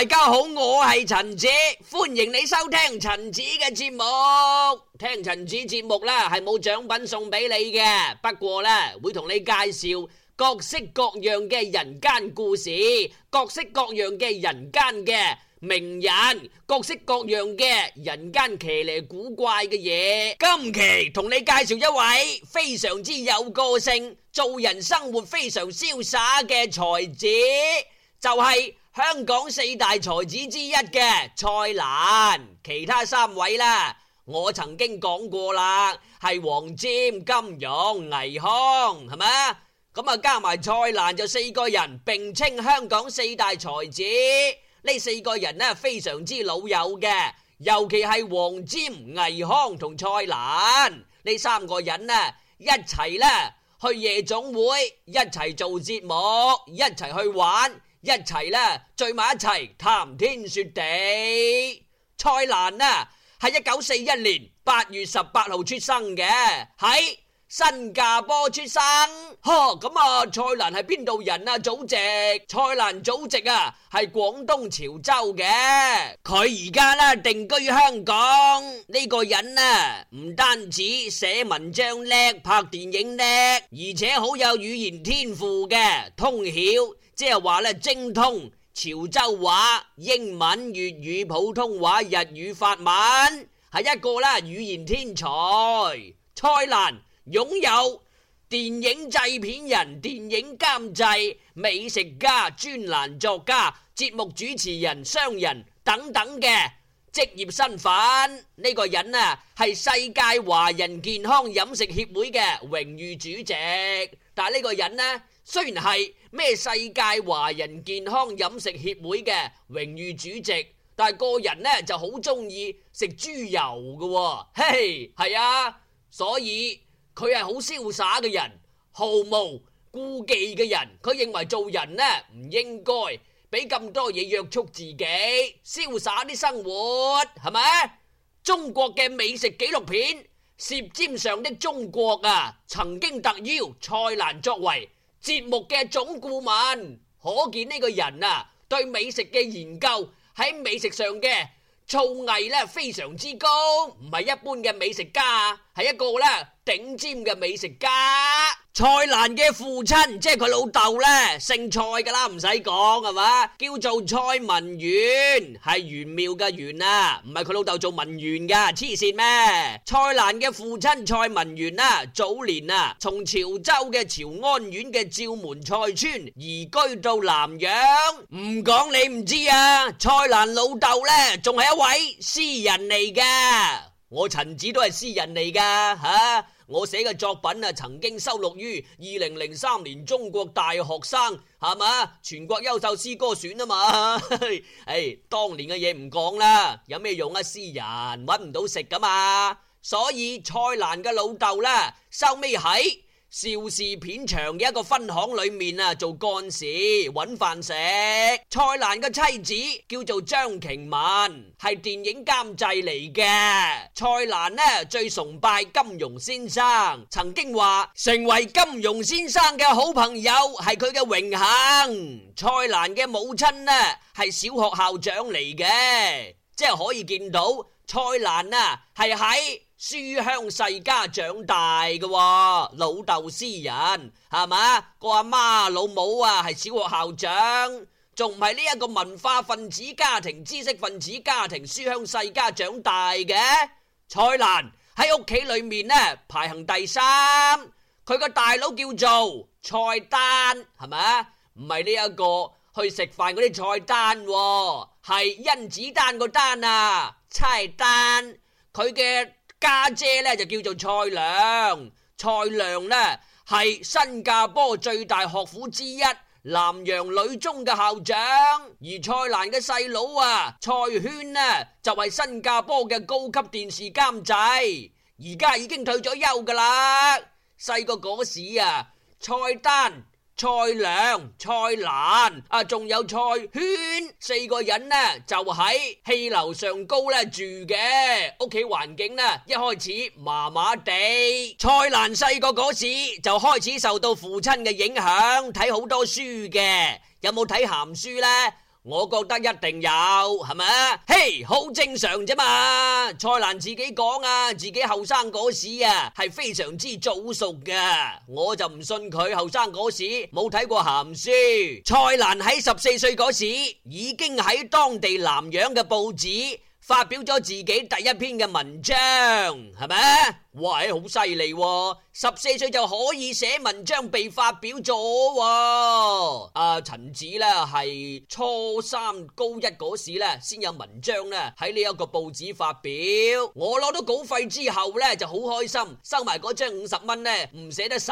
大家好，我係陳子，歡迎你收聽陳子嘅節目。聽陳子節目啦，係冇獎品送俾你嘅，不過咧，會同你介紹各式各樣嘅人間故事，各式各樣嘅人間嘅名人，各式各樣嘅人間奇離古怪嘅嘢。今期同你介紹一位非常之有個性、做人生活非常瀟灑嘅才子，就係。香港四大才子之一嘅蔡瀾，其他三位啦，我曾經講過啦，係黃沾、金庸、倪匡，係咪啊？咁啊，加埋蔡瀾就四個人並稱香港四大才子。呢四個人呢非常之老友嘅，尤其係黃沾、倪匡同蔡瀾呢三個人呢一齊呢去夜總會，一齊做節目，一齊去玩。一齊啦，聚埋一齊談天說地。蔡瀾呢、啊，係一九四一年八月十八號出生嘅，喺新加坡出生。呵，咁啊，蔡瀾係邊度人啊？祖籍？蔡瀾祖籍啊，係廣東潮州嘅。佢而家啦定居香港。呢、這個人啊，唔單止寫文章叻，拍電影叻，而且好有語言天賦嘅，通曉。即係話咧，精通潮州話、英文、粵語、普通話、日語、法文，係一個啦語言天才。蔡瀾擁有電影製片人、電影監製、美食家、專欄作家、節目主持人、商人等等嘅職業身份。呢個人啊，係世界華人健康飲食協會嘅榮譽主席。但係呢個人咧、啊。雖然係咩世界華人健康飲食協會嘅榮譽主席，但係個人呢就好中意食豬油嘅。嘿、嘿，係啊，所以佢係好瀟灑嘅人，毫無顧忌嘅人。佢認為做人呢唔應該俾咁多嘢約束自己，瀟灑啲生活係咪？中國嘅美食紀錄片《舌尖上的中國》啊，曾經特邀蔡瀾作為。節目嘅總顧問，可見呢個人啊，對美食嘅研究喺美食上嘅造詣呢非常之高，唔係一般嘅美食家，係一個呢頂尖嘅美食家。蔡瀾嘅父親，即係佢老豆呢，姓蔡噶啦，唔使講係嘛？叫做蔡文玄，係玄妙嘅玄啊，唔係佢老豆做文員噶，黐線咩？蔡瀾嘅父親蔡文玄啊，早年啊，從潮州嘅潮安縣嘅趙門蔡村移居到南洋，唔講你唔知啊。蔡瀾老豆呢，仲係一位詩人嚟噶，我陳子都係詩人嚟噶，吓、啊。我寫嘅作品曾經收錄於二零零三年中國大學生係咪？全國優秀詩歌選啊嘛、 哎，誒當年嘅嘢唔講啦，有咩用啊？詩人揾唔到食㗎嘛，所以蔡瀾嘅老豆啦，收尾係。邵氏片場嘅一個分行裏面啊，做幹事搵飯食。蔡瀾嘅妻子叫做張瓊文，係電影監製嚟嘅。蔡瀾呢最崇拜金庸先生，曾經話成為金庸先生嘅好朋友係佢嘅榮幸。蔡瀾嘅母親呢係小學校長嚟嘅，即係可以見到蔡瀾啊係喺。書香世家長大嘅，啊、老豆詩人係嘛？個阿媽，媽老母啊，係小學校長，仲唔係呢一個文化分子家庭，知識分子家庭，書香世家長大嘅？蔡瀾喺屋企裏面呢排行第三，佢個大佬叫做蔡丹係咪？唔係呢一個去食飯嗰啲菜單，係甄子丹個丹啊，蔡丹佢嘅，家姐咧就叫做蔡良。蔡良呢，係新加坡最大學府之一南洋女中嘅校長，而蔡瀾嘅細佬啊蔡軒呢，就係、是、新加坡嘅高級電視監製，而家已經退咗休噶啦。細個嗰時啊，蔡丹。蔡良、蔡瀾啊，仲有蔡圈四個人呢就喺戲樓上高呢住嘅。屋企環境呢一開始麻麻地。蔡瀾細個嗰時就開始受到父親嘅影響，睇好多書嘅。有冇睇鹹書呢？我覺得一定有，係咪啊？嘿，好正常啫嘛。蔡瀾自己講啊，自己後生嗰時啊係非常之早熟㗎，我就唔信佢後生嗰時冇睇過咸書。蔡瀾喺十四歲嗰時已經喺當地南洋嘅報紙發表咗自己第一篇嘅文章，係咪啊？哇，好犀利。十四歲就可以寫文章被發表咗。啊，阿、呃、陳子啦係初三高一嗰時咧，先有文章咧喺呢一個報紙發表。我攞到稿費之後咧就好開心，收埋嗰張五十蚊咧唔捨得使。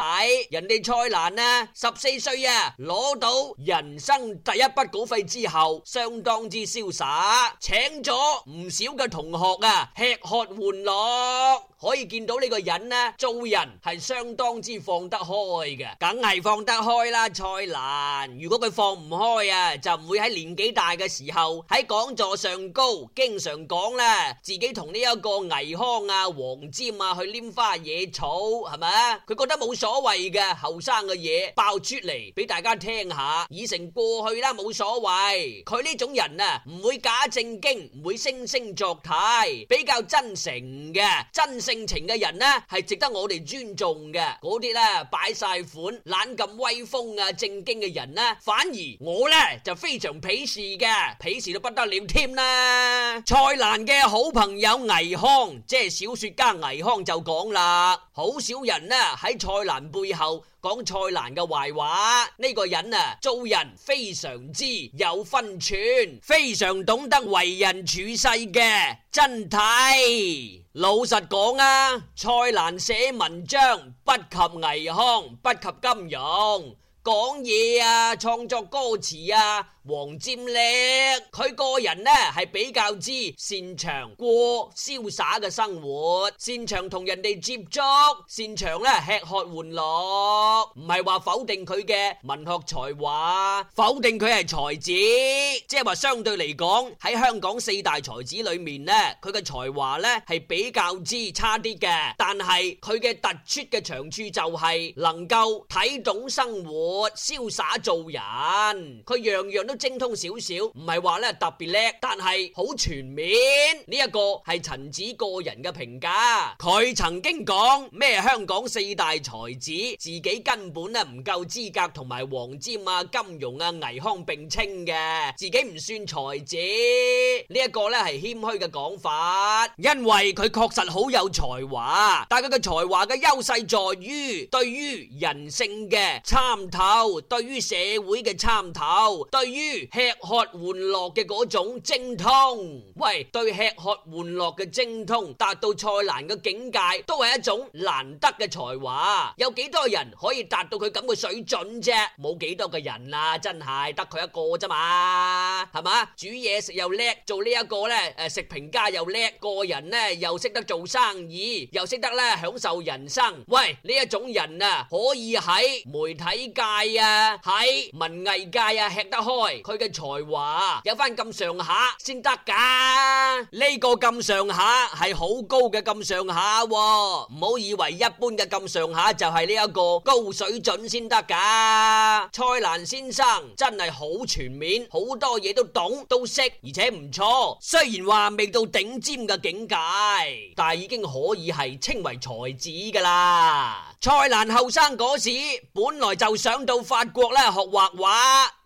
人哋蔡瀾呢十四歲啊攞到人生第一筆稿費之後，相當之瀟灑，請咗唔少嘅同學啊吃喝玩樂，可以見到呢個人呢做人係。相當之放得開嘅，梗係放得開啦，蔡瀾。如果佢放唔開啊，就唔會喺年紀大嘅時候喺講座上高經常講啦，自己同呢一個倪匡啊、黃沾啊去拈花惹草，係咪？佢覺得冇所謂嘅，後生嘅嘢，爆出嚟俾大家聽下，已成過去啦，冇所謂。佢呢種人啊，唔會假正經，唔會惺惺作態，比較真誠嘅真性情嘅人呢，係值得我哋尊重。用嘅嗰啲咧，擺晒款，懶咁威風啊！正經嘅人呢，反而我呢，就非常鄙視嘅，鄙視到不得了添啦！蔡瀾嘅好朋友倪匡，即係小說家倪匡就講啦，好少人呢，喺蔡瀾背後。講蔡瀾嘅壞話，呢、這個人啊，做人非常之有分寸，非常懂得為人處世嘅真諦。老實講啊，蔡瀾寫文章不及倪匡，不及金庸，講嘢啊，創作歌詞啊。黃霑咧，佢個人咧係比較之擅長過瀟灑嘅生活，擅長同人哋接觸，擅長咧吃喝玩樂，唔係話否定佢嘅文學才華，否定佢係才子，即係話相對嚟講，喺香港四大才子裏面咧，佢嘅才華咧係比較之差啲嘅，但係佢嘅突出嘅長處就係能夠睇懂生活，瀟灑做人，佢樣樣都。精通少少，唔係話咧特別叻，但係好全面。呢、這、一個係陳子個人嘅評價。佢曾經講咩？香港四大才子，自己根本咧唔夠資格同埋黃霑啊、金庸啊、倪匡並稱嘅，自己唔算才子。呢、這、一個咧係謙虛嘅講法，因為佢確實好有才華，但係佢嘅才華嘅優勢在於對於人性嘅參透，對於社會嘅參透，對於。吃喝玩樂嘅嗰種精通，喂，對吃喝玩樂嘅精通達到蔡瀾嘅境界，都係一種難得嘅才華。有幾多人可以達到佢咁嘅水準啫？冇幾多個人啊，真係得佢一個啫嘛，係嘛？煮嘢食又叻，做呢一個咧，誒食評家又叻，個人咧又識得做生意，又識得咧享受人生。喂，呢一種人啊，可以喺媒體界啊，喺文藝界啊吃得開。佢嘅才華有翻咁上下先得噶，呢個咁上下係好高嘅咁上下，唔好以為一般嘅咁上下就係呢一個高水準先得噶。蔡瀾先生真係好全面，好多嘢都懂都識，而且唔錯。雖然話未到頂尖嘅境界，但係已經可以係稱為才子噶啦。蔡瀾後生嗰時本來就想到法國咧學畫畫。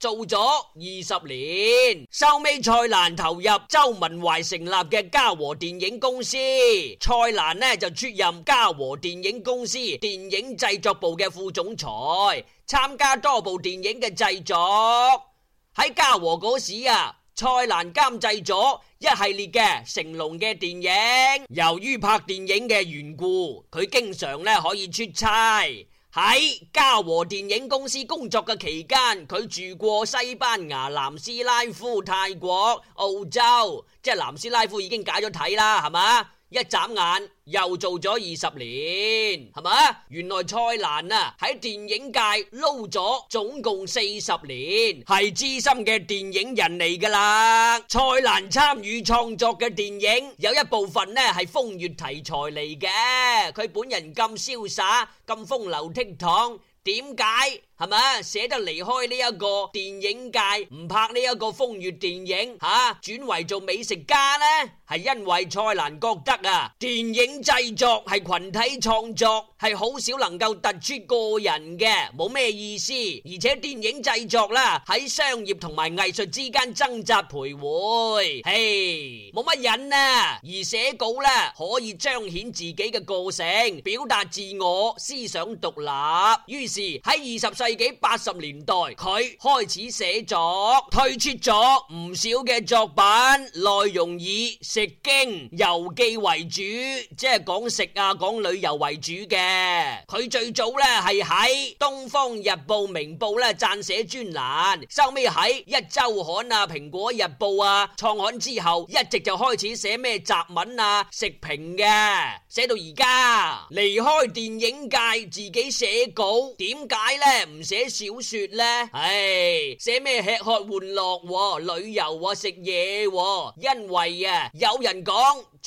做咗二十年，收尾蔡瀾投入周文懷成立嘅嘉禾電影公司，蔡瀾呢就出任嘉禾電影公司電影製作部嘅副總裁，參加多部電影嘅製作。喺嘉禾嗰時啊，蔡瀾監製咗一系列嘅成龍嘅電影。由於拍電影嘅緣故，佢經常呢可以出差。喺嘉禾電影公司工作嘅期間，佢住過西班牙、南斯拉夫、泰國、澳洲，即係南斯拉夫已經解咗體啦，係嘛？一眨眼又做咗二十年，係咪？原來蔡瀾啊喺電影界撈咗總共四十年，係資深嘅電影人嚟噶啦。蔡瀾參與創作嘅電影有一部分呢係風月題材嚟嘅，佢本人咁瀟灑咁風流倜儻，點解？係咪啊？捨得離開呢一個電影界，唔拍呢一個風月電影，吓、啊、轉為做美食家呢？係因為蔡瀾覺得啊，電影製作係群體創作，係好少能夠突出個人嘅，冇咩意思。而且電影製作啦、啊，喺商業同埋藝術之間掙扎徘徊，嘿，冇乜癮啊。而寫稿啦、啊，可以彰顯自己嘅個性，表達自我，思想獨立。於是喺二十歲世紀八十年代，佢開始寫作，推出咗唔少嘅作品，內容以食經遊記為主，即係講食啊、講旅遊為主嘅。佢最早呢係喺《東方日報》《明報》咧撰寫專欄，收尾喺《一周刊》啊、《蘋果日報》啊創刊之後，一直就開始寫咩雜文啊、食評嘅。寫到而家離開電影界，自己寫稿，點解咧唔寫小說呢？唉、哎，寫咩吃喝玩樂、啊、旅遊、啊、食嘢、啊？因為、啊、有人講。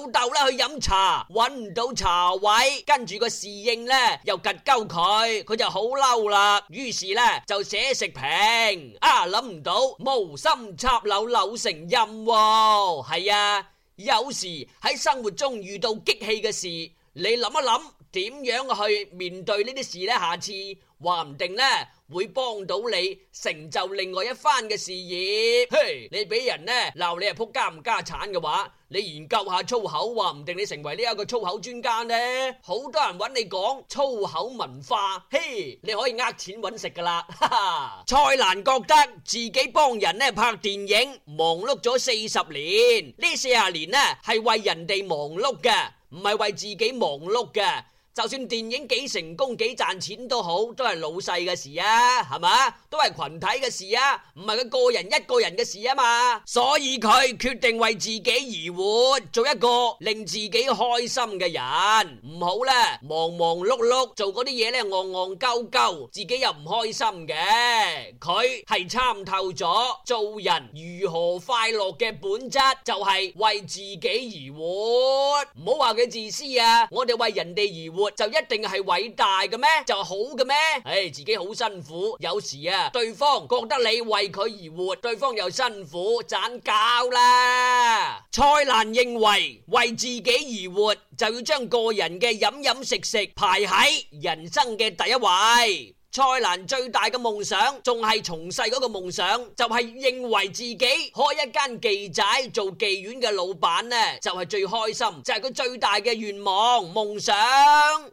老豆咧去飲茶，揾唔到茶位，跟住個侍應咧又夾鳩佢，佢就好嬲啦。於是呢，就寫食評，啊諗唔到無心插柳柳成蔭喎、哦。係啊，有時喺生活中遇到激氣嘅事，你諗一諗。點樣去面對呢啲事呢？下次話唔定咧會幫到你成就另外一番嘅事業。嘿，你俾人咧鬧你係扑家唔家產嘅話，你研究下粗口，話唔定你成為呢一個粗口專家呢。好多人揾你講粗口文化，嘿，你可以呃錢揾食噶啦。 蔡瀾覺得自己幫人咧拍電影忙碌咗四十年，呢四十年咧係為人哋忙碌嘅，唔係為自己忙碌嘅。就算電影幾成功幾賺錢都好，都係老細嘅事啊，係嘛？都係群體嘅事啊，唔係佢個人一個人嘅事啊嘛。所以佢決定為自己而活，做一個令自己開心嘅人。唔好咧，忙忙碌碌做嗰啲嘢咧，戇戇鳩鳩，自己又唔開心嘅。佢係參透咗做人如何快樂嘅本質，就係為自己而活。唔好話佢自私啊，我哋為人哋而活，.就一定係偉大嘅咩？就好嘅咩？唉、哎，自己好辛苦，有時啊，對方覺得你為佢而活，對方又辛苦，盞搞啦。蔡瀾認為為自己而活，就要將個人嘅飲飲食食排喺人生嘅第一位。.蔡瀾最大嘅夢想，仲係從細嗰個夢想，就係、是、認為自己開一間妓仔做妓院嘅老闆呢，就係、是、最開心，就係、是、佢最大嘅願望夢想。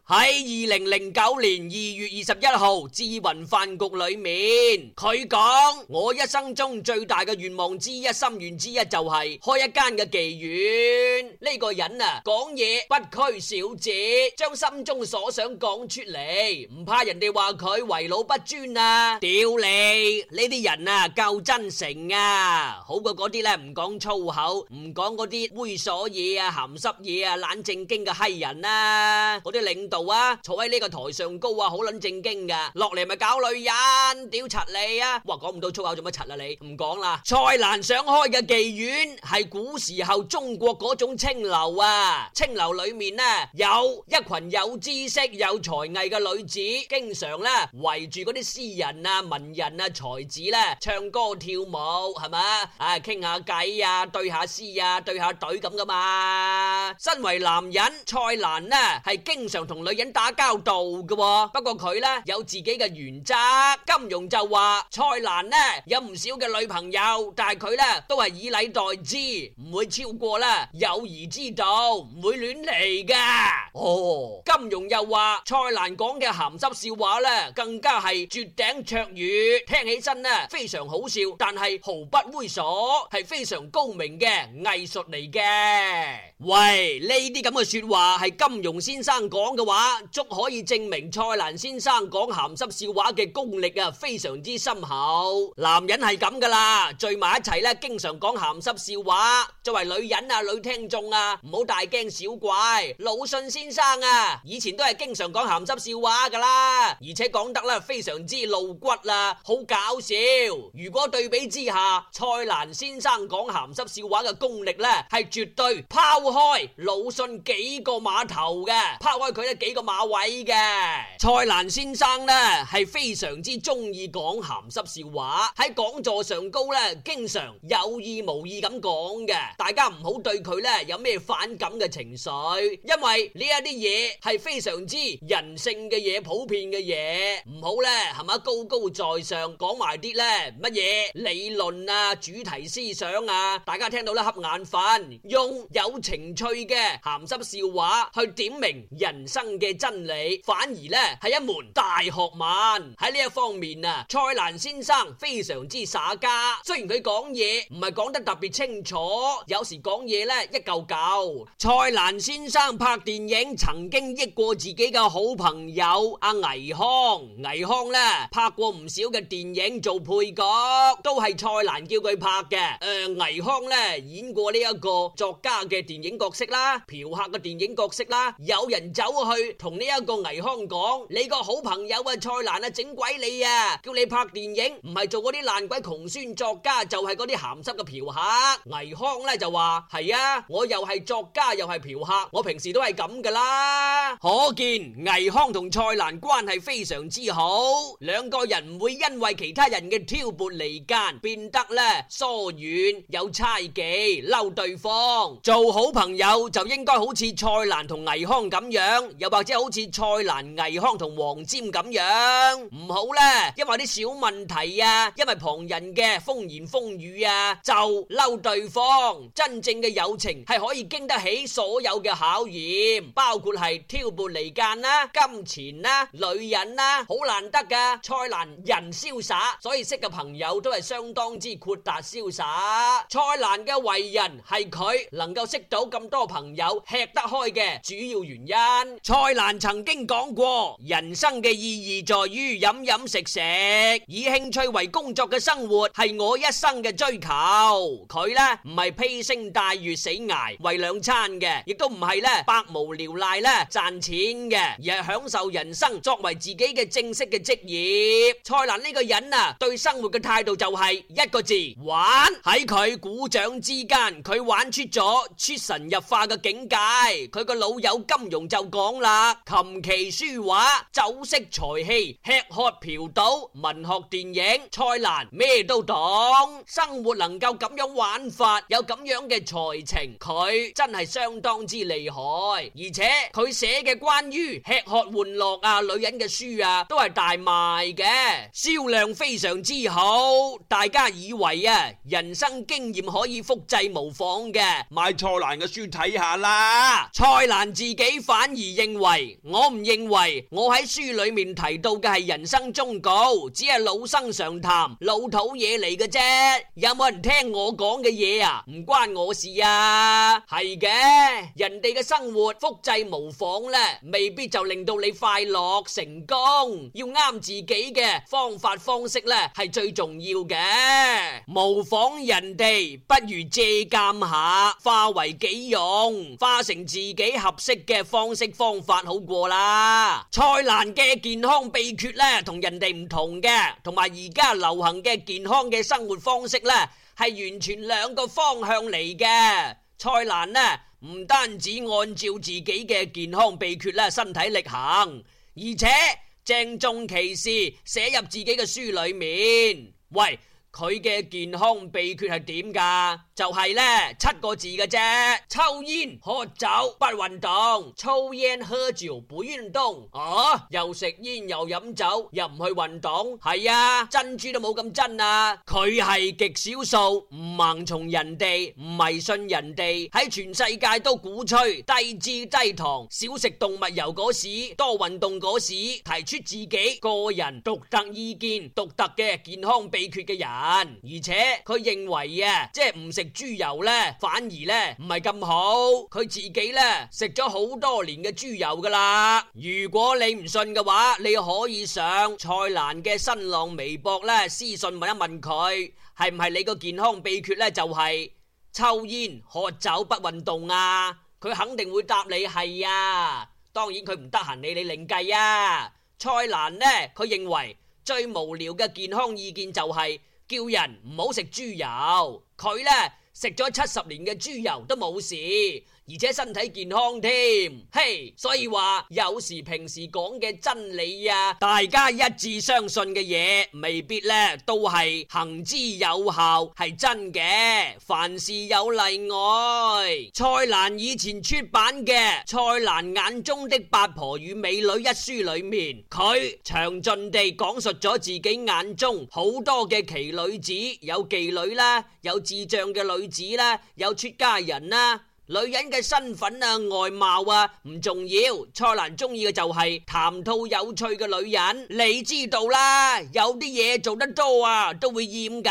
喺二零零九年二月二十一號《志雲飯局》裏面，佢講：我一生中最大嘅願望之一、心願之一，就係開一間嘅妓院。呢、這個人啊，講嘢不拘小節，將心中所想講出嚟，唔怕人哋話佢為老不尊啊！屌你！呢啲人啊，夠真誠啊，好過嗰啲咧唔講粗口、唔講嗰啲猥瑣嘢啊、鹹濕嘢啊、懶正經嘅閪人啦、啊！嗰啲領導啊，坐喺呢個台上高啊，好捻正經噶，落嚟咪搞女人，屌柒你啊！哇，講唔到粗口做乜柒啦你講？唔講啦！蔡瀾想開嘅妓院係古時候中國嗰種青樓啊，青樓裏面呢，有一群有知識、有才藝嘅女子，經常咧。圍住嗰啲詩人啊、文人啊、才子啦，唱歌跳舞係嘛，啊傾下偈啊，對下詩啊，對下隊咁噶嘛。身為男人，蔡瀾呢係經常同女人打交道噶，不過佢呢有自己嘅原則。金庸就話蔡瀾呢有唔少嘅女朋友，但係佢呢都係以禮待之，唔會超過啦友誼之道，唔會亂嚟噶。哦，金庸又話蔡瀾講嘅鹹濕笑話呢？更加係絕頂卓語，聽起身呢非常好笑，但係毫不猥瑣，係非常高明嘅藝術嚟嘅。喂，呢啲咁嘅說話係金庸先生講嘅話，足可以證明蔡瀾先生講咸濕笑話嘅功力啊，非常之深厚。男人係咁噶啦，聚埋一齊咧，經常講咸濕笑話，作為女人啊女聽眾啊，唔好大驚小怪。魯迅先生啊，以前都係經常講咸濕笑話噶啦，而且講。得啦，非常之露骨啦，好搞笑。如果對比之下，蔡瀾先生講咸濕笑話嘅功力呢，係絕對拋開魯迅幾個碼頭嘅，拋開佢一幾個碼位嘅。蔡瀾先生呢係非常之中意講咸濕笑話，喺講座上高呢，經常有意無意咁講嘅。大家唔好對佢呢有咩反感嘅情緒，因為呢一啲嘢係非常之人性嘅嘢，普遍嘅嘢。唔好呢，係咪高高在上講埋啲呢？乜嘢理論啊、主題思想啊，大家聽到呢瞌眼瞓，用有情趣嘅鹹濕笑話去點明人生嘅真理，反而呢係一門大學問。喺呢一方面啊，蔡瀾先生非常之耍家。雖然佢講嘢唔係講得特別清楚，有時講嘢呢一舊舊。蔡瀾先生拍電影曾經益過自己嘅好朋友阿倪匡。啊倪匡咧，拍過唔少嘅電影做配角，都係蔡瀾叫佢拍嘅。誒、呃，倪匡咧演過呢一個作家嘅電影角色啦，嫖客嘅電影角色啦。有人走去同呢一個倪匡講：你個好朋友啊，蔡瀾啊，整鬼你啊，叫你拍電影，唔係做嗰啲爛鬼窮酸作家，就係嗰啲咸濕嘅嫖客。倪匡咧就話：係啊，我又係作家，又係嫖客，我平時都係咁噶啦。可見倪匡同蔡瀾關係非常之。好，兩個人唔會因為其他人嘅挑撥離間變得咧疏遠、有猜忌、嬲對方。做好朋友就應該好似蔡瀾同倪匡咁樣，又或者好似蔡瀾、倪匡同黃沾咁樣。唔好咧，因為啲小問題啊，因為旁人嘅風言風語啊，就嬲對方。真正嘅友情係可以經得起所有嘅考驗，包括係挑撥離間啦、金錢啦、女人啦。好難得噶，蔡瀾人瀟灑，所以識嘅朋友都係相當之豁達瀟灑。蔡瀾嘅為人係佢能夠識到咁多朋友吃得開嘅主要原因。蔡瀾曾經講過：人生嘅意義在於飲飲食食，以興趣為工作嘅生活係我一生嘅追求。佢呢唔係披星戴月死捱為兩餐嘅，亦都唔係呢百無聊賴呢賺錢嘅，而係享受人生作為自己嘅職。正式嘅職業，蔡瀾呢個人啊，對生活嘅態度就係一個字玩。喺佢鼓掌之間，佢玩出咗出神入化嘅境界。佢個老友金庸就講啦：琴棋書畫、酒色財氣、吃喝嫖賭、文學電影，蔡瀾咩都懂。生活能夠咁樣玩法，有咁樣嘅才情，佢真係相當之厲害。而且佢寫嘅關於吃喝玩樂啊、女人嘅書啊，都。都係大賣嘅，銷量非常之好。大家以為啊，人生經驗可以複製模仿嘅，買蔡瀾嘅書睇下啦。蔡瀾自己反而認為，我唔認為，我喺書裏面提到嘅係人生忠告，只係老生常談、老土嘢嚟嘅啫。有冇人聽我講嘅嘢啊？唔關我事啊。係嘅，人哋嘅生活複製模仿呢，未必就令到你快樂成功。要啱自己嘅方法方式呢，係最重要嘅。模仿人哋不如借鑑下，化為己用，化成自己合適嘅方式方法好過啦。蔡瀾嘅健康秘訣呢，同人哋唔同嘅，同埋而家流行嘅健康嘅生活方式呢，係完全兩個方向嚟嘅。蔡瀾呢，唔單止按照自己嘅健康秘訣咧身體力行，而且。鄭重其事寫入自己嘅書裏面。喂，佢嘅健康秘訣係點㗎？就係咧七個字嘅啫，抽煙喝酒不運動，抽煙喝酒不運動啊，又食煙又飲酒又唔去運動，係啊珍珠都冇咁真啊，佢係極少數唔盲從人哋唔迷信人哋喺全世界都鼓吹低脂低糖少食動物油嗰時多運動嗰時提出自己個人獨特意見獨特嘅健康秘訣嘅人，而且佢認為啊，即係唔食。豬油呢，反而呢，唔係咁好。佢自己呢，食咗好多年嘅豬油噶啦。如果你唔信嘅話，你可以上蔡瀾嘅新浪微博呢，私信問一問佢，係唔係你個健康秘訣呢？就係、是、抽煙、喝酒不運動啊？佢肯定會答你係啊。當然佢唔得閒理你另計啊。蔡瀾呢，佢認為最無聊嘅健康意見就係、是。叫人唔好食豬油，佢呢，食咗七十年嘅豬油都冇事。而且身體健康添，嘿，所以話有時平時講嘅真理啊，大家一致相信嘅嘢，未必咧都係行之有效，係真嘅。凡事有例外。蔡瀾以前出版嘅《蔡瀾眼中的八婆與美女》一書裏面，佢詳盡地講述咗自己眼中好多嘅奇女子，有妓女啦，有智障嘅女子啦，有出家人啦。女人嘅身份啊、外貌啊唔重要，蔡瀾中意嘅就係談吐有趣嘅女人，你知道啦。有啲嘢做得多啊都會厭噶，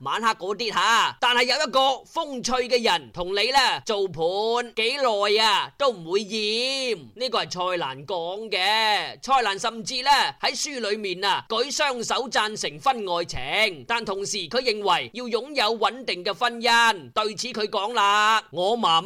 晚黑嗰啲吓。但係有一個風趣嘅人同你咧做伴、啊，幾耐啊都唔會厭。呢、呢個係蔡瀾講嘅。蔡瀾甚至咧喺書裏面啊舉雙手贊成婚外情，但同時佢認為要擁有穩定嘅婚姻。對此佢講啦，我媽，媽。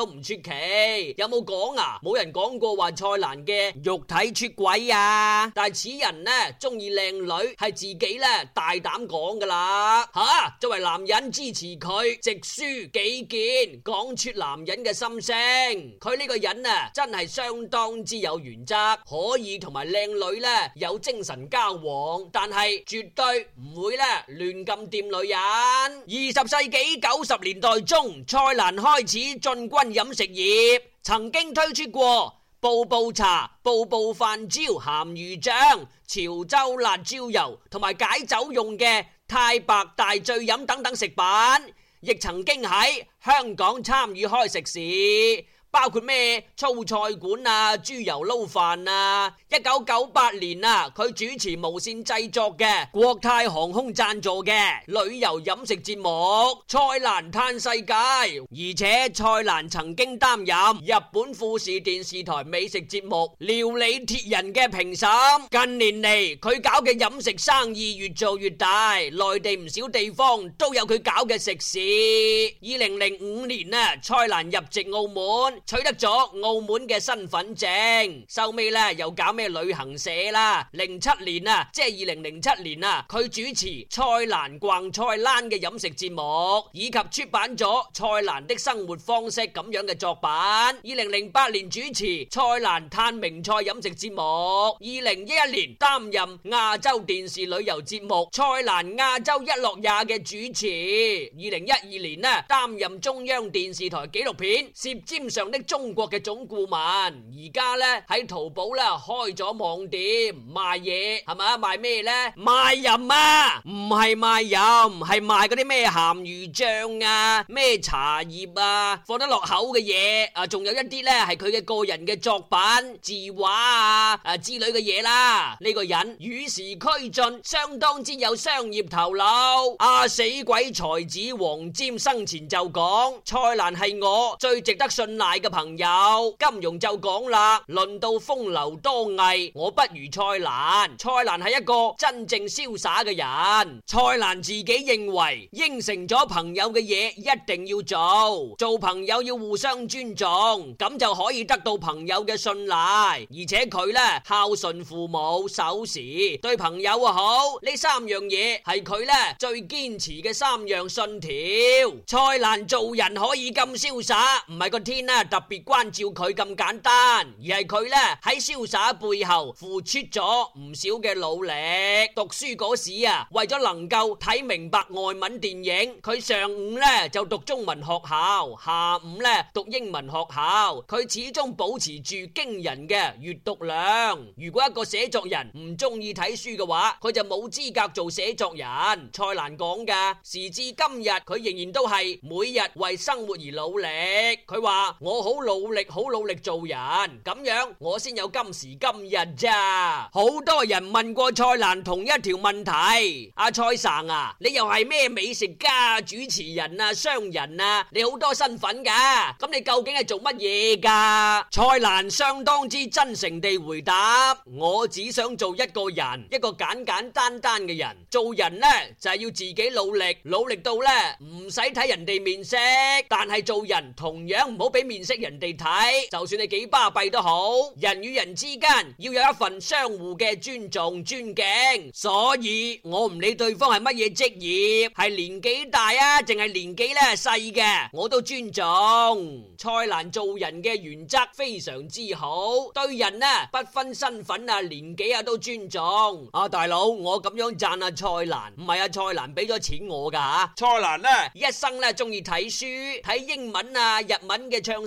都唔出奇，有冇講啊？冇人講過話蔡瀾嘅肉體出軌啊！但係此人呢，中意靚女，係自己呢大膽講噶啦吓。作為男人支持佢，直抒己見，講出男人嘅心聲。佢呢個人啊，真係相當之有原則，可以同埋靚女呢有精神交往，但係絕對唔會呢亂咁掂女人。二十世紀九十年代中，蔡瀾開始進軍。飲食業曾經推出過暴暴茶、暴暴飯焦、鹹魚醬、潮州辣椒油同埋解酒用嘅太白大醉飲等等食品，亦曾經喺香港參與開食市。包括咩？粗菜館啊，豬油撈飯啊！一九九八年啊，佢主持無線製作嘅國泰航空讚助嘅旅游飲食節目《蔡瀾歎世界》，而且蔡瀾曾經擔任日本富士電視台美食節目《料理鐵人》嘅評審。近年嚟，佢搞嘅飲食生意越做越大，內地唔少地方都有佢搞嘅食肆。二零零五年啊，蔡瀾入籍澳門。取得咗澳門嘅身份證，收尾咧又搞咩旅行社啦。零七年啊，即係二零零七年啊，佢主持《蔡瀾逛菜欄》嘅飲食節目，以及出版咗《蔡瀾的生活方式》咁樣嘅作品。二零零八年主持《蔡瀾探名菜》飲食節目。二零一一年擔任亞洲電視旅遊節目《蔡瀾亞洲一樂也》嘅主持。二零一二年咧擔任中央電視台紀錄片《舌尖上》。中國嘅總顧問，而家咧喺淘寶咧開咗網店賣嘢，係咪啊？賣咩咧？賣淫啊？唔係賣淫，係賣嗰啲咩鹹魚醬啊、咩茶葉啊，放得落口嘅嘢啊。仲有一啲咧係佢嘅個人嘅作品，字畫啊啊之類嘅嘢啦。呢個人與時俱進，相當之有商業頭腦啊。死鬼才子黃霑生前就講，蔡瀾係我最值得信賴。嘅朋友，金庸就講啦，論到風流多藝，我不如蔡瀾。蔡瀾係一個真正瀟灑嘅人。蔡瀾自己認為，應承咗朋友嘅嘢一定要做，做朋友要互相尊重，咁就可以得到朋友嘅信賴。而且佢咧孝順父母、守時、對朋友啊好，呢三樣嘢係佢咧最堅持嘅三樣信條。蔡瀾做人可以咁瀟灑，唔係個天啊特別關照佢咁簡單，而係佢呢喺瀟灑背後付出咗唔少嘅努力。讀書嗰時啊，為咗能夠睇明白外文電影，佢上午呢就讀中文學校，下午呢讀英文學校。佢始終保持住驚人嘅閱讀量。如果一個寫作人唔中意睇書嘅話，佢就冇資格做寫作人。蔡瀾講㗎，時至今日，佢仍然都係每日為生活而努力。佢話我。好努力，好努力做人，咁樣我先有今時今日咋？好多人問過蔡瀾同一條問題，阿、啊、蔡神啊，你又係咩美食家、主持人啊、商人啊？你好多身份噶，咁你究竟係做乜嘢噶？蔡瀾相當之真誠地回答：我只想做一個人，一個簡簡單單嘅人。做人呢，就係、是、要自己努力，努力到呢，唔使睇人哋面色，但係做人同樣唔好俾面。識人哋睇，就算你幾巴閉都好，人與人之間要有一份相互嘅尊重尊敬。所以，我唔理對方係乜嘢職業，係年紀大啊，定係年紀咧細嘅，我都尊重。蔡瀾做人嘅原則非常之好，對人呢不分身份啊年紀啊都尊重。啊大佬，我咁樣讚阿蔡瀾，唔係阿蔡瀾俾咗錢我噶吓。蔡瀾呢一生呢中意睇書，睇英文啊日文嘅唱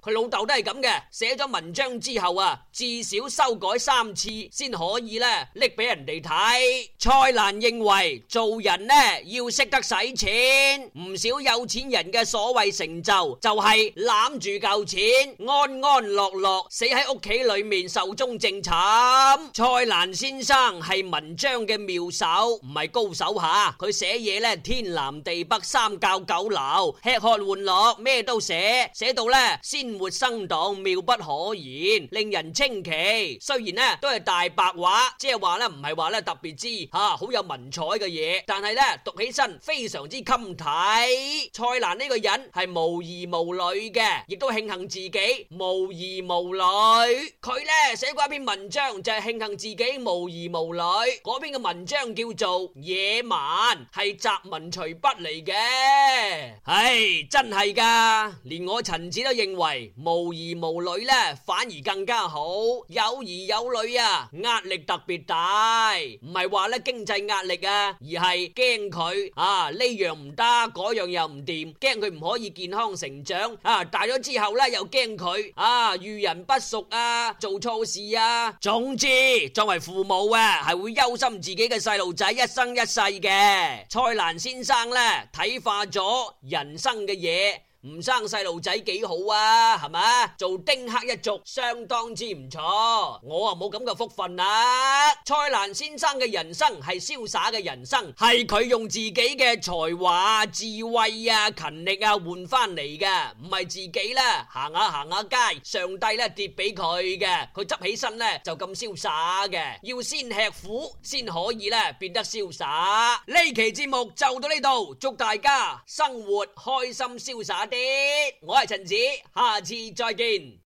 佢老豆都係咁嘅，寫咗文章之後啊，至少修改三次先可以呢，拎俾人哋睇。蔡瀾認為做人呢要識得使錢，唔少有錢人嘅所謂成就就係攬住嚿錢，安安樂樂死喺屋企裏面壽終正寢。蔡瀾先生係文章嘅妙手，唔係高手吓，佢寫嘢呢，天南地北，三教九流，吃喝玩樂咩都寫，寫到呢。鮮活生動，妙不可言，令人稱奇。雖然呢都係大白話，即係話呢唔係話呢特別之吓好有文采嘅嘢，但係呢讀起身非常之襟睇。蔡瀾呢個人係無兒無女嘅，亦都慶幸自己無兒無女。佢呢寫過一篇文章就係慶幸自己無兒無女。嗰篇嘅文章叫做《野蠻》，係雜文隨筆嚟嘅。唉，真係噶，連我陳子都認為。無兒無女咧，反而更加好；有兒有女啊，壓力特別大。唔係話咧經濟壓力啊，而係驚佢啊呢樣唔得，嗰樣又唔掂，驚佢唔可以健康成長。啊大咗之後咧，又驚佢啊遇人不淑啊，做錯事啊。總之，作為父母啊，係會憂心自己嘅細路仔一生一世嘅。蔡瀾先生咧體化咗人生嘅嘢。唔生細路仔幾好啊，係咪？做丁克一族相當之唔錯。我啊冇咁嘅福分啊。蔡瀾先生嘅人生係瀟灑嘅人生，係佢用自己嘅才華、智慧啊、勤力啊換翻嚟嘅，唔係自己咧行下、啊、行下、啊、街，上帝咧跌俾佢嘅，佢執起身咧就咁瀟灑嘅。要先吃苦先可以咧變得瀟灑。呢期節目就到呢度，祝大家生活開心瀟灑。我係陳子，下次再見。